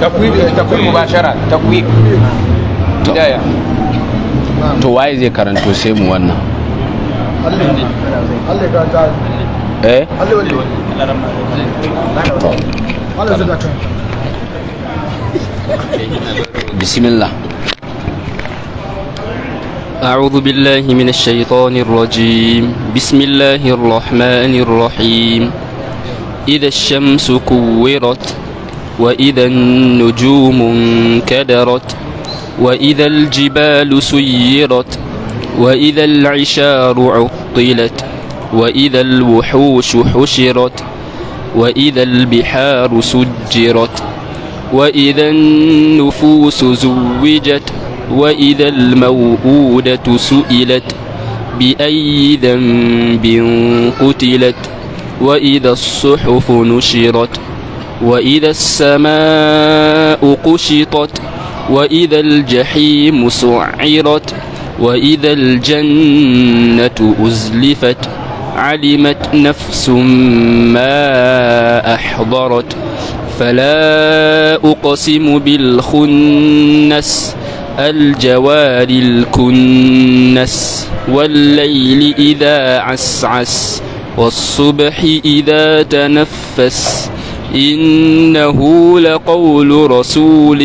تكوين تكوين مباشرة تكوين بداية to waye zai karanto sai mu wannan بسم الله أعوذ بالله من الشيطان الرجيم بسم الله الرحمن الرحيم إذا الشمس كورت وإذا النجوم انكدرت وإذا الجبال سيرت وإذا العشار عطلت وإذا الوحوش حشرت وإذا البحار سجرت وإذا النفوس زوجت وإذا الموءودة سئلت بأي ذنب قتلت وإذا الصحف نشرت وإذا السماء قشطت وإذا الجحيم سعرت وإذا الجنة أزلفت علمت نفس ما أحضرت فلا أقسم بالخنس الجوار الكنس والليل إذا عسعس والصبح إذا تنفس إنه لقول رسول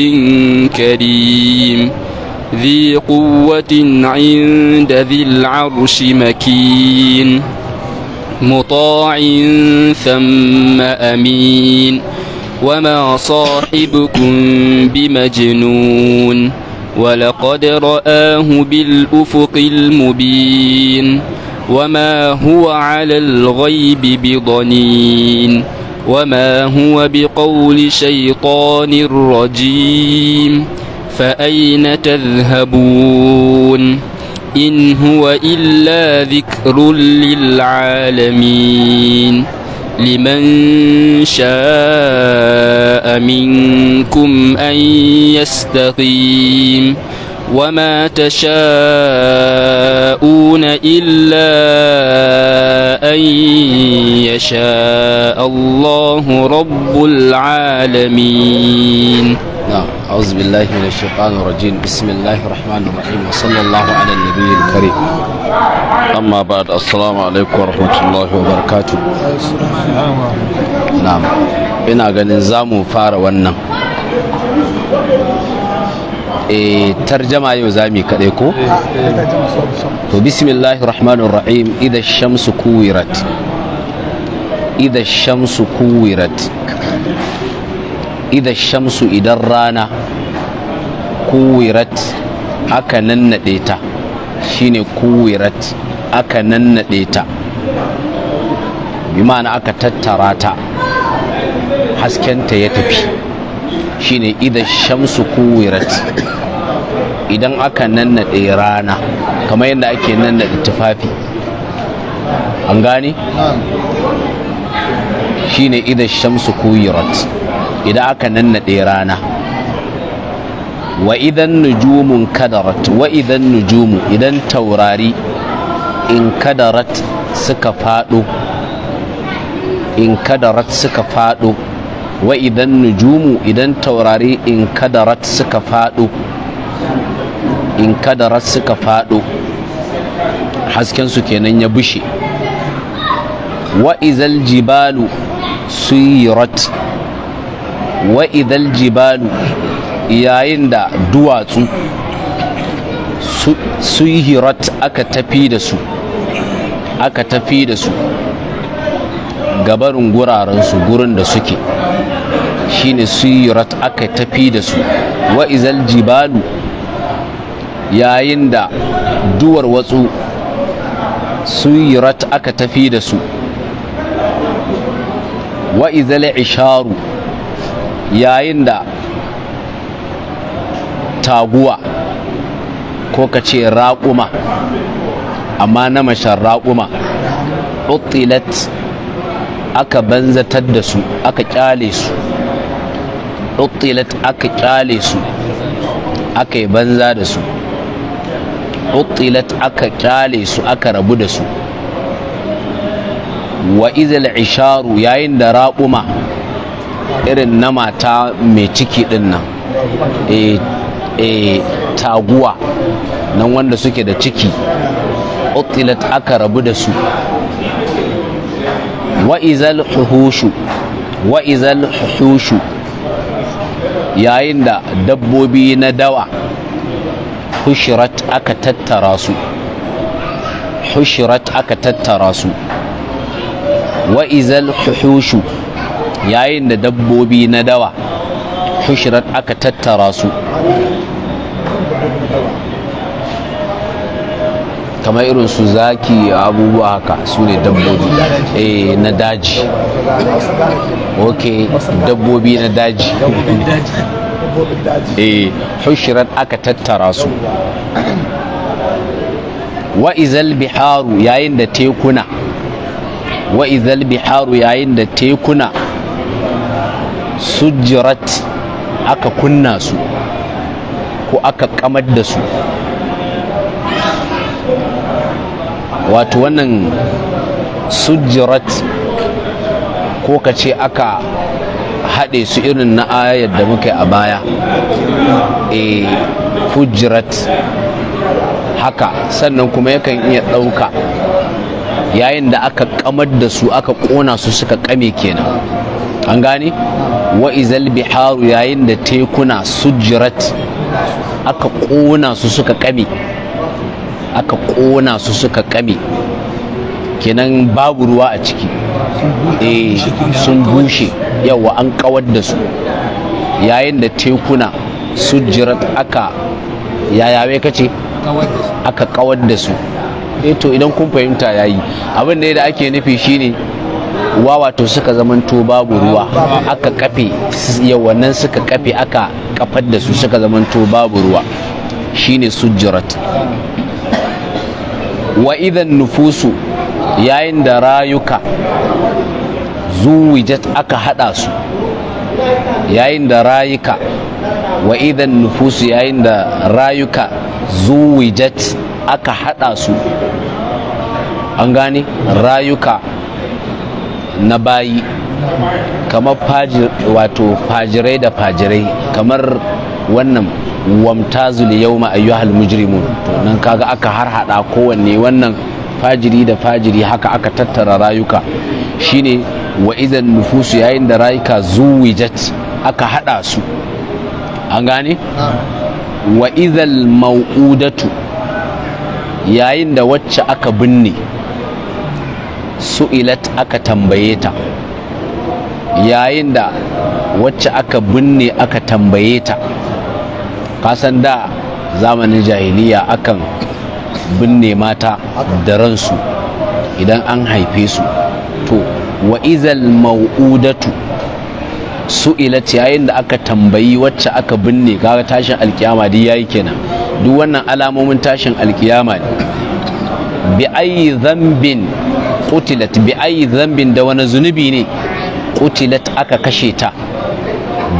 كريم ذي قوة عند ذي العرش مكين مطاع ثم أمين وما صاحبكم بمجنون ولقد رآه بالأفق المبين وما هو على الغيب بضنين وما هو بقول شيطان رجيم فأين تذهبون إن هو إلا ذكر للعالمين لمن شاء منكم أن يستقيم وما تشاءون إلا أن يشاء الله رب العالمين نعم أعوذ بالله من الشيطان الرجيم بسم الله الرحمن الرحيم وصلى الله على النبي الكريم أما بعد السلام عليكم ورحمة الله وبركاته نعم بنا ganin فار ونم Eh, tarjama yau zami kaɗai ko? to bismillahir rahmanir rahim idha shamsu kuwirat idha shamsu kuwirat idha shamsu idan rana kuwirat aka nannaɗe ta shine kuwirat aka nannaɗe ta bi ma'ana aka tattara ta haskenta ya tafi shine idan shamsu kuwirat idan aka nannade rana kamar yadda ake nannade tufafi an gane shine idan shamsu kuwirat idan aka nannade rana wa idan nujumun kadarat wa idan nujumu idan taurari in kadarat suka faɗo in kadarat suka faɗo wa idan nujumu idan taurari in kadarat suka faɗo in kadarat suka faɗo su kenan ya bushe wa izal jibalu suyirat wa idal jibalu yayin da duwatsu suyirat aka tafi da su aka tafi da su gabarin gurarensu gurin da suke shine suyirat aka tafi da su wa izal jibalu yayin da duwar watsu suyirat aka tafi da su wa izal isharu yayin da taguwa ko kace ce raƙuma amma na mashar raƙuma utilat aka banzatar da su aka kyale su uttilat aka kyale su aka yi banza da su uttilat aka kyale su aka rabu da su wa izal isharu yayin da raƙuma irin na mata mai ciki ɗin nan e taguwa nan wanda suke da ciki uttilat aka rabu da su wa izal huhushu wa izal huhushu yayin da dabbobi na dawa hushirat aka tattara su hushirat aka tattara su wa izal huhushu yayin da dabbobi na dawa hushirat aka tattara su kamar irin su zaki abubuwa haka su ne dabbobi eh, na daji ok dabbobi na daji eh, Hushirar aka tattara su wa izal biharu yayin da tekuna wa izal biharu yayin da tekuna sujirat aka kunna su ko aka kamar da su wato wannan sujirat ko ka ce aka haɗe su irin na ayar da muka a baya e eh, fujirat, haka sannan kuma yakan iya ɗauka yayin da aka kamar da su aka ƙona su suka ƙame kenan an gane wa izal biharu yayin da tekuna sujirat aka ƙona su suka ƙame aka ƙona su suka ƙame kenan babu ruwa a ciki eh sun bushe yawa an kawar da su yayin da tekuna jirat aka yayawe kace aka kawar da su eh to idan kun fahimta yayi abin da ake nufi shine to suka zamanto babu ruwa aka kafe yawannan suka kafe aka kafar da su suka zamanto babu ruwa shine sujirat wa idan nufusu yayin da rayuka zuwijat aka hada su yayin da rayuka wa idan nufusu yayin da rayuka zuwijat aka hada su an gane rayuka na bayi kamar fajirai da fajirai kamar wannan wamtazul yawma ayyuhal mujrimun to nan kaga aka harhaɗa kowanne wannan fajiri da fajiri haka aka tattara rayuka shine wa idan nufusu yayin da rayuka zuwijat aka hada su an gane wa idan mau'udatu yayin da wacce aka binne su'ilat aka tambaye ta yayin da wacce aka binne aka tambaye ta kasan da zamanin jahiliya akan binne mata da ransu idan an haife su to wa izal su su'ilat yayin da aka tambayi wacce aka binne kaga tashin alkiyama duk yayi kenan duk wannan alamomin tashin alkiyama ne bi ayi zambin qutilat bi ayi zambin da wani zunubi ne qutilat aka kashe ta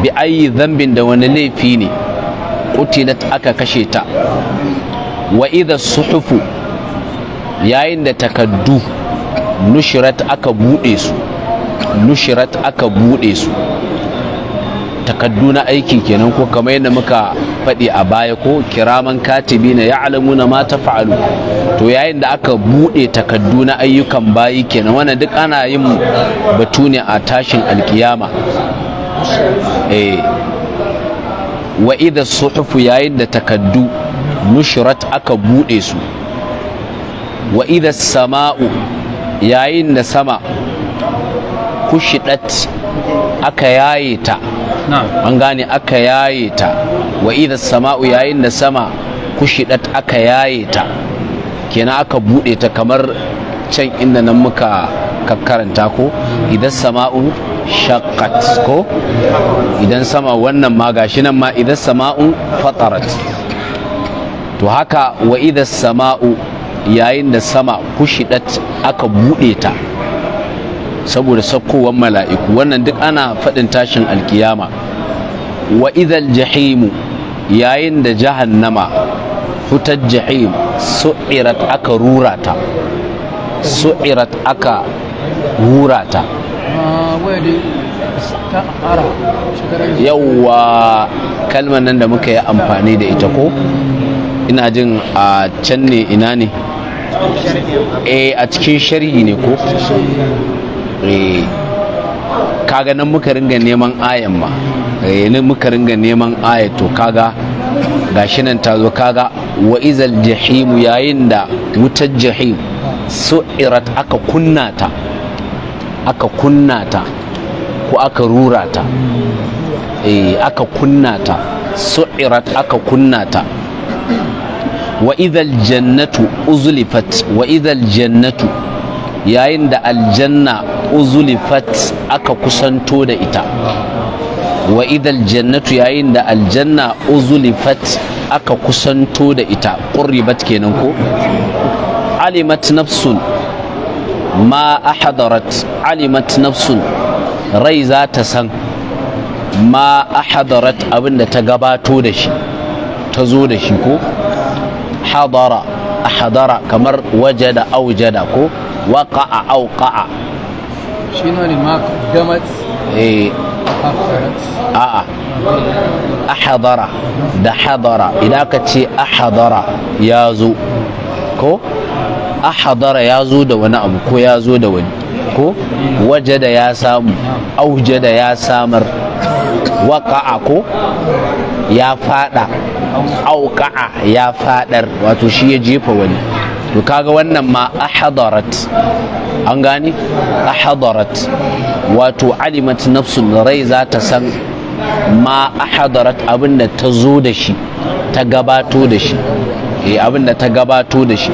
bi ayi zambin da wani laifi ne Kutinat aka kashe ta wa idha suhufu yayin da takaddu nushirat aka bude su nushirat aka bude su takaddu na aiki kenan ko kamar yadda muka faɗi a baya ko kiraman katibi na ya'lamu na mata fa'alu to yayin da aka buɗe takaddu na ayyukan bayi kenan wannan duk ana yin batune a tashin alkiyama eh wa idan suhufu yayin da takaddu nushrat aka buɗe su wa idan sama'u yayin da sama kushidat aka yaye ta an gane aka yaye ta wa idan sama'u yayin da sama kushidat aka yaye ta kenan aka buɗe ta kamar can inda nan muka kakkaranta ko idan sama'u shaqqat ko idan sama wannan ma gashi nan ma idan sama'u fatarat to haka wa idan sama'u yayin da sama kushidat aka buɗe ta saboda sakkowar mala'iku wannan duk ana faɗin tashin alkiyama wa idan jahimu yayin da jahannama fitar jahim su'irat aka rurata su'irat aka rurata yauwa kalmar nan da muka yi amfani da ita ko ina jin a can ne ina ne eh, a cikin shari'i ne ko eh, kaga nan muka ringa neman ayan ma eh, muka ringa neman to kaga gashi nan ta zo kaga wa izal jahimu yayin da wutar jahim irat aka kunna ta aka kunna ta ko aka rura ta e, aka kunna ta su'irat aka kunna ta wa idhal jannatu uzlifat wa idhal jannatu yayin da aljanna uzulifat aka kusanto da ita wa idal jannatu yayin da aljanna uzulifat aka kusanto da ita ƙurribat kenan ko alimat nafsun ma a ahadarat alimat nafsun rai za ta san ma a ahadarat abinda ta gabato da shi ta zo da shi ko hadara ahadara kamar wajada da ko waqa'a auqa'a shi ne ma damat eh. a a'a ahadara da hadara idan ka ce ahadara ya zo ko ahadara ya zo da wani abu ko ya zo da wani ko waje da ya samu auje da ya samar waka'a ko ya fada auka'a ya fadar wato shi ya jefa wani to kaga wannan ma ahadarat an gane ahadarat wato alimat nafsun rai za ta san ma ahadarat hadarat abinda ta zo da shi ta gabato da shi eh, abinda ta gabato da shi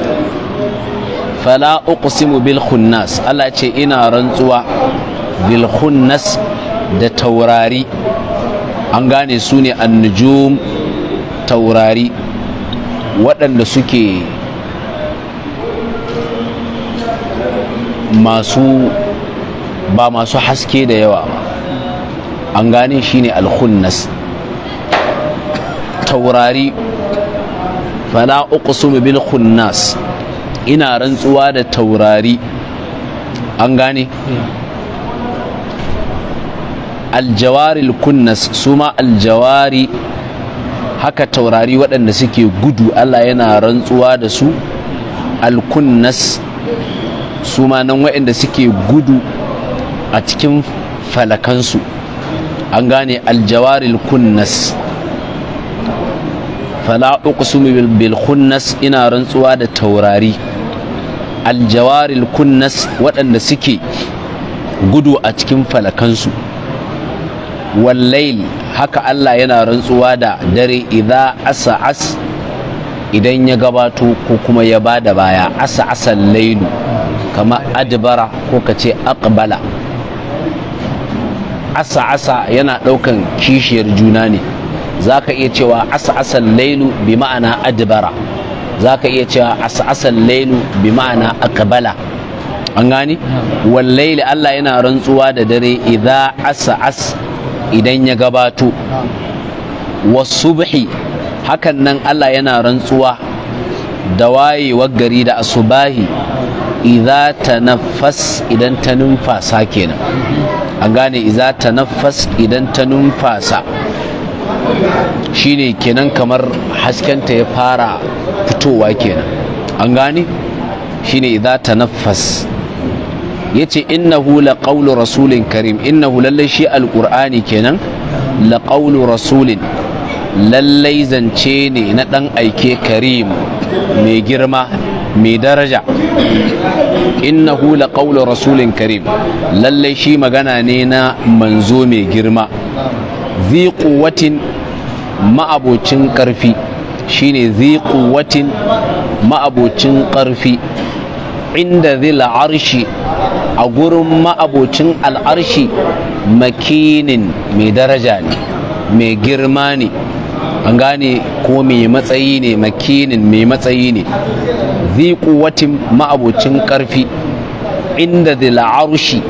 fala uqsimu bil khunnas Allah ce ina rantsuwa bil khunnas da taurari an gane su ne annujum taurari waɗanda suke masu ba masu haske da yawa ba an gane shi ne alkhunnas taurari fala uqsimu bil khunnas ina rantsuwa da taurari an gane aljawari kunnas su ma aljawari haka taurari waɗanda suke gudu Allah yana rantsuwa da su alkunnas su ma nan waɗanda suke gudu a cikin falakansu an gane aljawari kunnas fala uqsimu bil kunnas ina rantsuwa da taurari aljawaril kunnas waɗanda suke gudu a cikin falakansu wallail haka Allah yana rantsuwa da dare idan asa as idan ya gabato ko kuma ya da baya asa asan lailu kama adbara ko ka ce aqbala asa asa yana ɗaukan kishiyar juna ne za ka iya cewa asa asan lailu bi ma'ana adbara za ka iya cewa as'asal lailu bi ma'ana kabala an gani wallaili Allah yana rantsuwa da dare idan as'as idan ya gabato wasubhi hakan nan Allah yana rantsuwa da wayewar gari da asubahi na fas idan ta numfasa kenan an gane idan na fas idan ta numfasa shine kenan kamar haskenta ya fara fitowa kenan an gane shine idza tanaffas yace innahu laqawlu rasulin karim innahu lallai shi alqur'ani kenan laqawlu rasulin lallai zance ne na dan aike karim mai girma mai daraja innahu laqawlu rasulin karim lallai shi magana ne na manzo mai girma zi ƙuwatin ma'abocin ƙarfi. shine zi quwwatin ma'abocin ƙarfi inda zil arshi a gurin ma'abocin al'arshi makinin mai daraja ne mai girma ne an gane ko mai matsayi ne makinin mai matsayi ne zi quwwatin ma'abocin ƙarfi inda zil arshi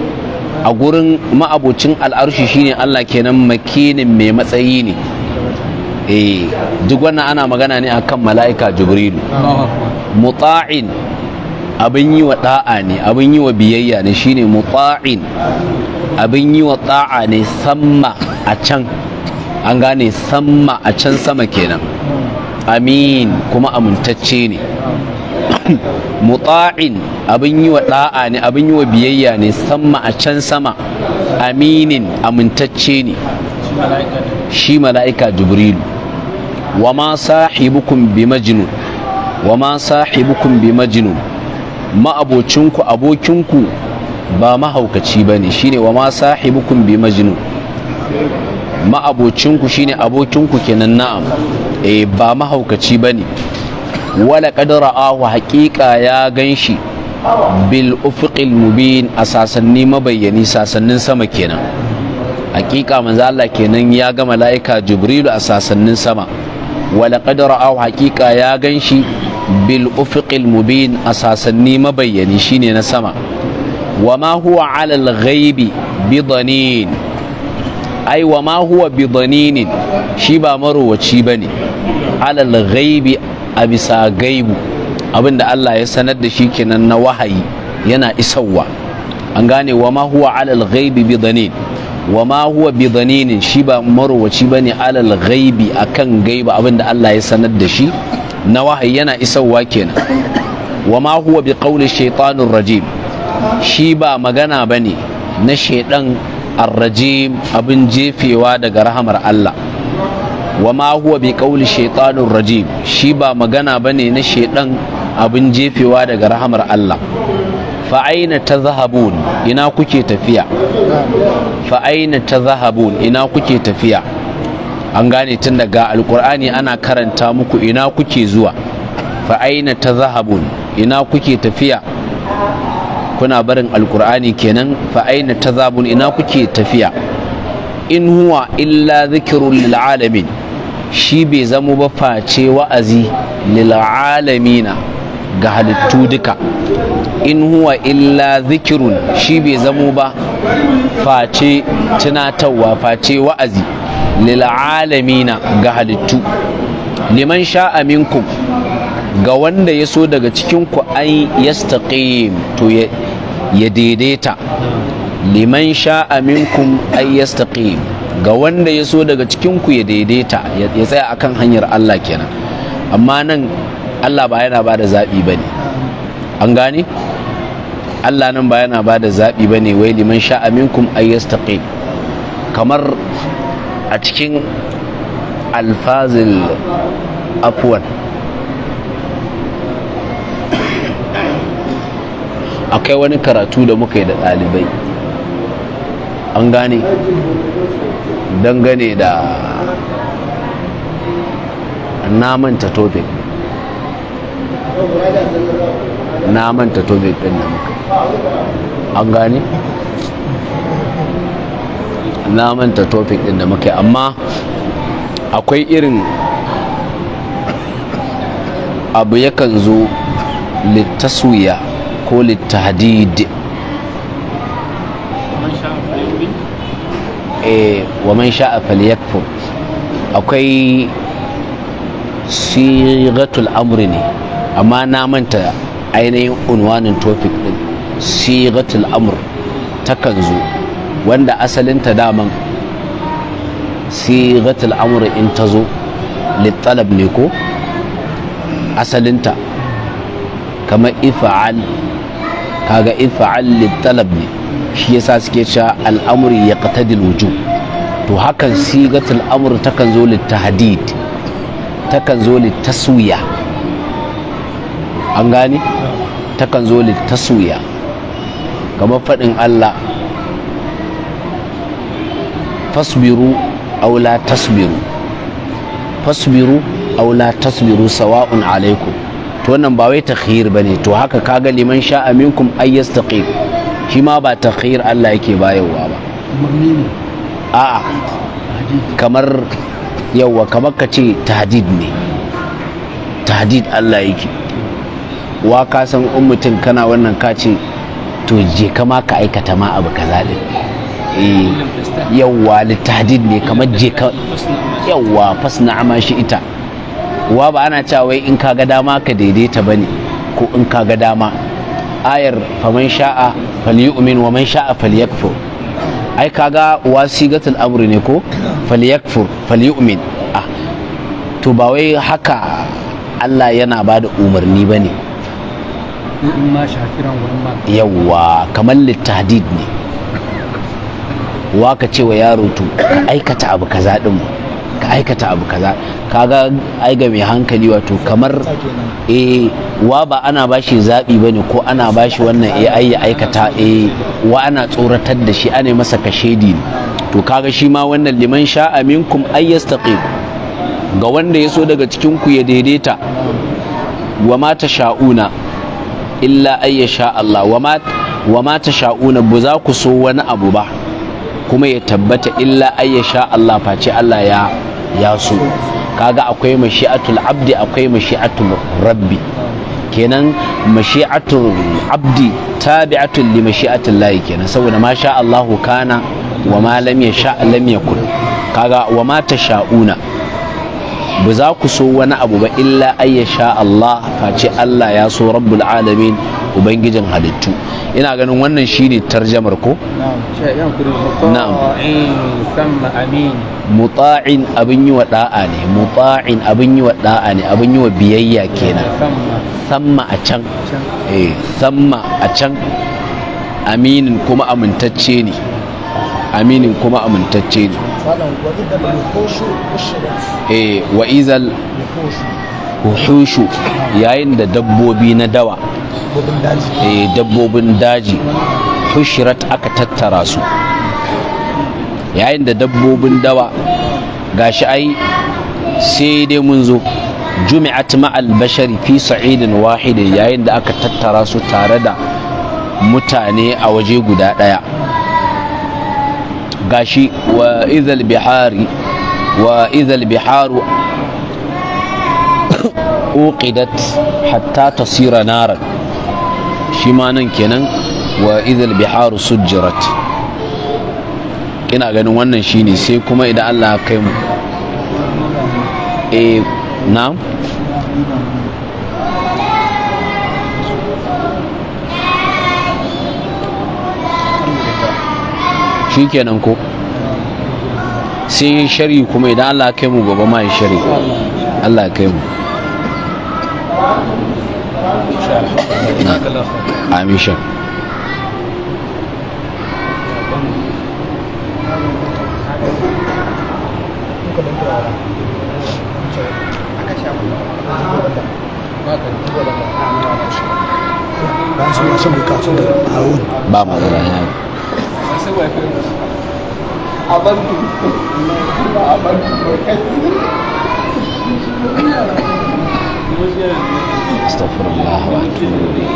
a gurin ma'abocin al'arshi shine Allah kenan makinin mai matsayi ne eh duk wannan ana magana ne akan mala'ika jibrilu muta'in abin yi wa da'a ne abin yi wa biyayya ne shine muta'in abin yi wa da'a ne samma a can an gane samma a can sama kenan amin kuma amintacce ne muta'in abin yi wa da'a ne abin yi wa biyayya ne samma a can sama aminin amintacce ne shi mala'ika jibrilu wa ma sahibukum bi majnun wa ma sahibukum abokinku ba ma sahibukum bi majnun ma'abocinku shine abokinku kenan na'am eh ba mahaukaci bane wala qad ra'ahu haqiqa ya ganshi bil ufuqil mubin a sasanni mabayyani sasannin sama kenan Haƙiƙa manzo Allah kenan ya gama mala'ika jibrilu a sasannin sama Wala walaƙad au haƙiƙa ya gan shi bil ufiqil mubin a sasanni mabayyani shine na sama wa ma huwa alal ghaibi bidanin ai wa ma huwa shi ba marowaci bane alal ghaibi a bisa gaibu abinda Allah ya sanar da shi kenan na wahayi yana isarwa an gane wa ma huwa alal ghaibi bidanin wa ma huwa bi dhaninin shi ba marowaci bane alal ghaibi akan gaiba abinda Allah ya sanar da shi na wahayi yana isarwa kenan wa ma huwa bi qawli shaytanir rajim shi ba magana bane na shaidan arrajim abin jefewa daga rahamar Allah wa ma huwa bi qawli shaytanir rajim shi ba magana bane na shaidan abin jefewa daga rahamar Allah fa'aina ta zahabun ina kuke tafiya fa'aina ta zahabun ina kuke tafiya an gane tun daga alkur'ani ana karanta muku ina kuke zuwa fa'aina ta zahabun ina kuke tafiya kuna barin alkur'ani kenan fa'aina ta zahabun ina kuke tafiya in huwa illa zikirun lil'alamin shi bai zamo ba face wa'azi lil'alamina ga halittu duka in huwa illa zikirun shi bai zamo ba face tunatarwa face wa'azi lil'alamina ga halittu liman sha'a minkum ga wanda ya so daga cikinku an yastaqim to ya daidaita liman sha'a minkum an yastaqim ga wanda ya so daga cikinku ya daidaita ya tsaya akan hanyar Allah kenan amma nan Allah ba yana ba da zaɓi ba ne an gane Allah nan ba yana ba da zaɓi ba ne wai liman sha aminkum kamar a cikin alfazil afuwan akwai wani karatu da muka yi da ɗalibai an gane dangane da namanta topic na manta to ɗin da muka an gane na manta topic ɗin da muka amma akwai irin abu yakan zo littaswiya ko littahadid eh, wa man sha'a falyakfur akwai sigatul amri ne amma na manta ainihin unwanin topic din sigatul amr kan zo wanda asalinta daman sigatul amr in ta zo littalab ne ko asalinta kamar ifa'al kaga ifa'al littalab ne shi yasa suke cewa al'amuri ya qatadil wujub to hakan sigatul amr kan zo ta kan zo littaswiya an gane takan zo suya kamar faɗin Allah fasbiru aula tasbiru fasbiru aula tasbiru sawa'un alaikum to wannan ba wai takhir bane to haka kaga liman sha'a minkum ay yastaqim shi ma ba takhir Allah yake bayarwa ba a'a kamar yawa kamar ka ce tahdid ne tahdid Allah yake wa ka san in mutum kana wannan kacin? to je kama ka aikata ma abu kaza din eh, yawwa littadid ne kamar je ka yawwa fasna ma shi ita wa ba ana cewa wai in ka ga dama ka daidaita bane ko in ka ga dama ayar faman sha'a falyu'min wa man sha'a falyakfur ai kaga wasigatul amri ne ko falyakfur falyu'min ah to ba wai haka Allah yana ba da umarni ba ne yawwa kamar littadid ne wa ce wa yaro to ka aikata abu kaza din ka aikata abu kaza kaga ai ga mai hankali wato kamar eh wa ba ana bashi zaɓi ba ne ko ana bashi wannan eh ai ya aikata eh wa ana tsoratar da shi ana masa kashedi ne to kaga shi ma wannan liman sha'a minkum ay yastaqim ga wanda ya so daga cikin ku ya daidaita wa ma sha'una illa ayya sha Allah wa ma ta sha'una ba za ku so wani abu ba kuma ya tabbata illa ayya sha Allah face Allah ya ya so kaga akwai mashi'atul abdi akwai mashi'atul rabbi kenan mashi'atul abdi tabi'atul li mashi'atul lahi kenan saboda ma sha Allahu kana wa ma lam yasha lam yakun kaga wa ma ta sha'una ba za ku so wani abu ba illa ayyasha Allah face Allah ya so rabbul alamin ubangijin halittu ina ganin wannan shine tarjamar ko na'am muta'in abin yi wa da'a ne muta'in abin yi wa da'a ne abin yi wa biyayya kenan samma a can eh samma a can aminin kuma amintacce ne aminin kuma amintacce ne eh wa izal wuhushu yayin da dabbobi na dawa eh dabbobin daji hushirat aka tattara su yayin da dabbobin dawa gashi ai sai dai mun zo jumi'at ma'al bashari fi sa'idin wahidin yayin da aka tattara su tare da mutane a waje guda ɗaya gashi wa izal bihari wa izal biharu uqidat hatta tasira naran shi ma nan kenan wa izal biharu sujjirat ina ganin wannan shine sai kuma idan Allah ya kai mu eh na'am shi kenan ko sai yi shari'i kuma idan Allah kai mu gaba ma yi shari'i Allah kai mu amishan ba ma da weapons. Abantu. Abantu weapons.